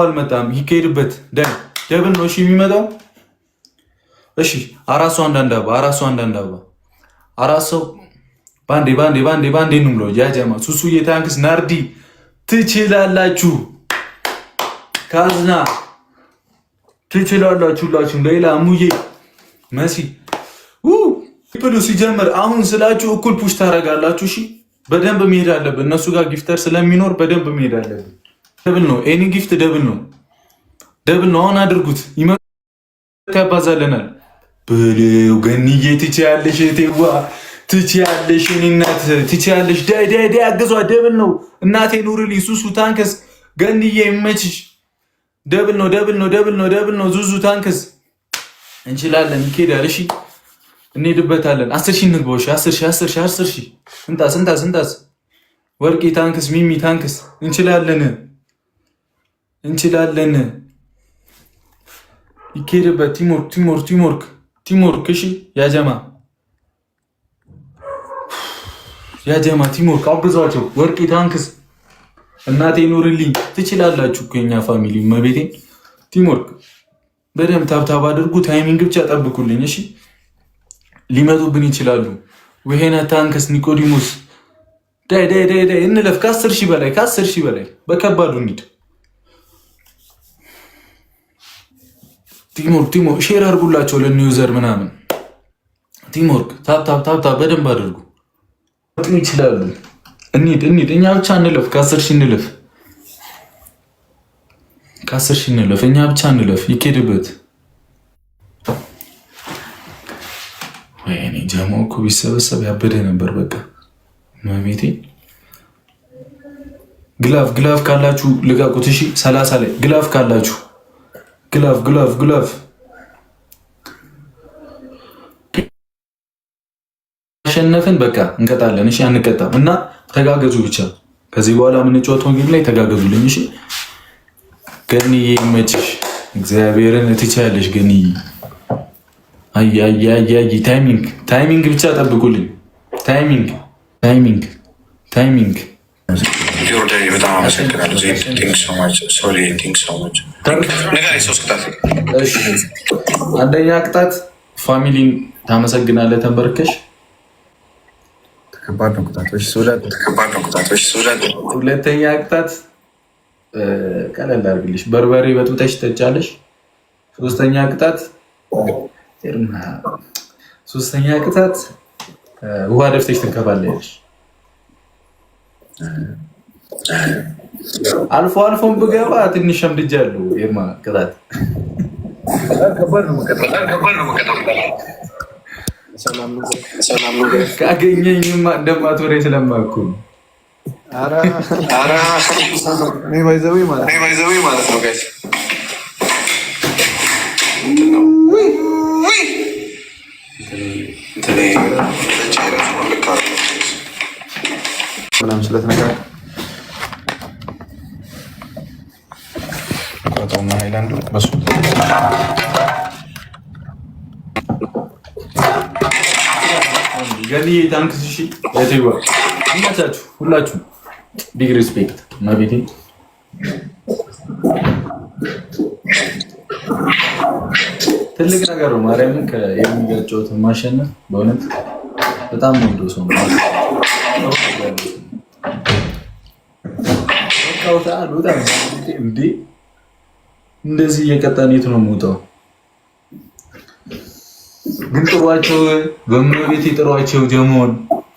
አልመጣም። ይካሄድበት ደብን ነው እሺ፣ የሚመጣው እሺ። አራት ሰው አንዳንድ አባ፣ አራት ሰው አንዳንድ አባ፣ አራት ሰው ባንዴ፣ ባንዴ፣ ባንዴ፣ ባንዴ ነው ብሎ ያጃማ ሱሱ የታንክስ ናርዲ ትችላላችሁ፣ ካዝና ትችላላችሁ፣ ሁላችሁም ሌላ ሙዬ መሲ ብሉ ሲጀምር አሁን ስላችሁ እኩል ፑሽ ታደርጋላችሁ። እሺ፣ በደንብ መሄድ አለብን። እነሱ ጋር ጊፍተር ስለሚኖር በደንብ መሄድ አለብን። ደብል ነው። ኤኒ ጊፍት ደብል ነው፣ ደብል ነው። አሁን አድርጉት ይመጣ ያባዛለናል ብለው ገንዬ ትችያለሽ፣ ቴዋ ትችያለሽ፣ እናት ትችያለሽ። ዳይ ዳይ ዳይ አገዟ ደብል ነው። እናቴ ኑርልኝ፣ ሱሱ ታንከስ፣ ገንዬ ይመችሽ። ደብል ነው፣ ደብል ነው፣ ደብል ነው፣ ደብል ነው። ዙዙ ታንከስ። እንችላለን፣ ይኬዳል። እሺ እንሄድበታለን። አስር ሺህ እንግባው። እሺ አስር ሺህ አስር ሺህ አስር ሺህ እንጣስ እንጣስ እንጣስ። ወርቂ ታንክስ፣ ሚሚ ታንክስ። እንችላለን እንችላለን። ይኬድበት። ቲሞር ቲምወርክ ቲምወርክ ቲምወርክ። እሺ ያጀማ ያጀማ ቲምወርክ አብዛቸው። ወርቅ ታንክስ እናቴ ኑርልኝ። ትችላላችሁ ከኛ ፋሚሊ መቤቴን። ቲምወርክ በደንብ ታብታብ አድርጉ። ታይሚንግ ብቻ ጠብቁልኝ። እሺ ሊመጡብን ይችላሉ። ወሄና ታንክስ ኒኮዲሙስ ዳይ ዳይ ዳይ ዳይ እንለፍ። ከአስር ሺህ በላይ ከአስር ሺህ በላይ በከባዱ እንሂድ ቲምወርክ ቲሞር ሼር አድርጉላቸው ለኒውዘር ምናምን። ቲሞርክ ታታታታ በደንብ አድርጉ። ጥሩ ይችላሉ። እንሂድ እንሂድ፣ እኛ ብቻ እንለፍ። ከአስር ሺህ እንለፍ። ከአስር ሺህ እንለፍ። እኛ ብቻ እንለፍ። ይኬድበት። ወይኔ ጀሞ እኮ ቢሰበሰብ ያበደ ነበር። በቃ መቤቴ ግላፍ ግላፍ ካላችሁ ልቀቁት። እሺ ሰላሳ ላይ ግላፍ ካላችሁ ግለፍ ግለፍ ግለፍ አሸነፍን። በቃ እንቀጣለን። እሺ አንቀጣም እና ተጋገዙ ብቻ። ከዚህ በኋላ የምንጫወተው ጌም ላይ ተጋገዙልኝ። እሺ ገኒዬ ይመችሽ፣ እግዚአብሔርን ትችያለሽ ገኒዬ። አይ ታይሚንግ ታይሚንግ ብቻ ጠብቁልኝ። ታይሚንግ ታይሚንግ ታይሚንግ ቴዎርዳዊ በጣም አመሰግናለሁ። አንደኛ ቅጣት ፋሚሊን ታመሰግናለህ ተንበርከሽ። ሁለተኛ ቅጣት ቀለል አድርግልሽ፣ በርበሬ በጥብጠሽ ትጠጫለሽ። ሶስተኛ ቅጣት ሶስተኛ ቅጣት ውሃ ደፍተሽ ትንከባለሽ። አልፎ አልፎም ብገባ ትንሽ ሸምድጃለሁ። ይማ ቅጣት ካገኘኝማ እንደማትወሬ ስለማኩ ባይዘዌ ማለት ምናምን ስለተነጋገርን እንቆራረጠውና ሃይላንዱ በሱ ገኒ ታንክስ። እሺ የቴዋ እናታችሁ ሁላችሁ። ቢግ ሪስፔክት እና ቤቴ ትልቅ ነገር ነው። ማርያም የሚገጨውት ማሸነፍ በእውነት በጣም ወንዶ ሰው ነው። ወጣውታ ሉታ እንዴ እንደዚህ እየቀጣን ነው የምወጣው? ግን ጥሯቸው፣ በመቤት ጥሯቸው። ጀመሆን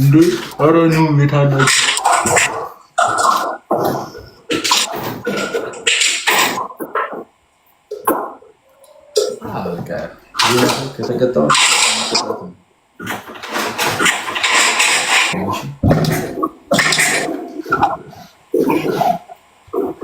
እንዴ አረኑ የታላችሁ ከተቀጣው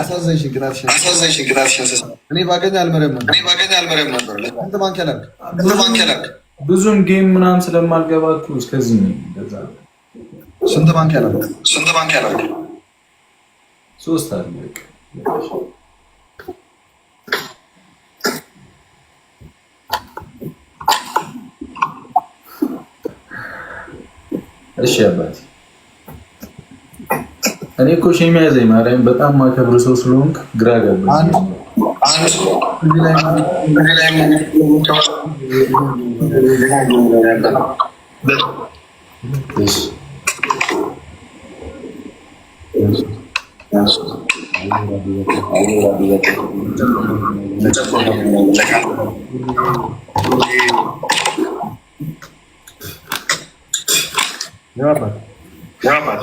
አሳዘንሽኝ ግን አልሽኝ አሳዘንሽኝ ግን አልሽኝ እንስሳ እኔ ባገኝ አልመረም ነበር እኔ ባገኝ አልመረም ነበር። እንትን ማንከላክ እንትን ማንከላክ ብዙም ጌም ምናምን ስለማልገባችሁ እስከዚህ ነው። እንደዛ ስንት ባንክ ያለበት ስንት ባንክ ያለበት ሶስት አለ እሺ አባት እኔ እኮ ሼም ያዘኝ ማርያም በጣም ማከብር ሰው ስለሆንክ ግራ ገባኝ። ያ አባት ያ አባት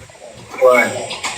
One.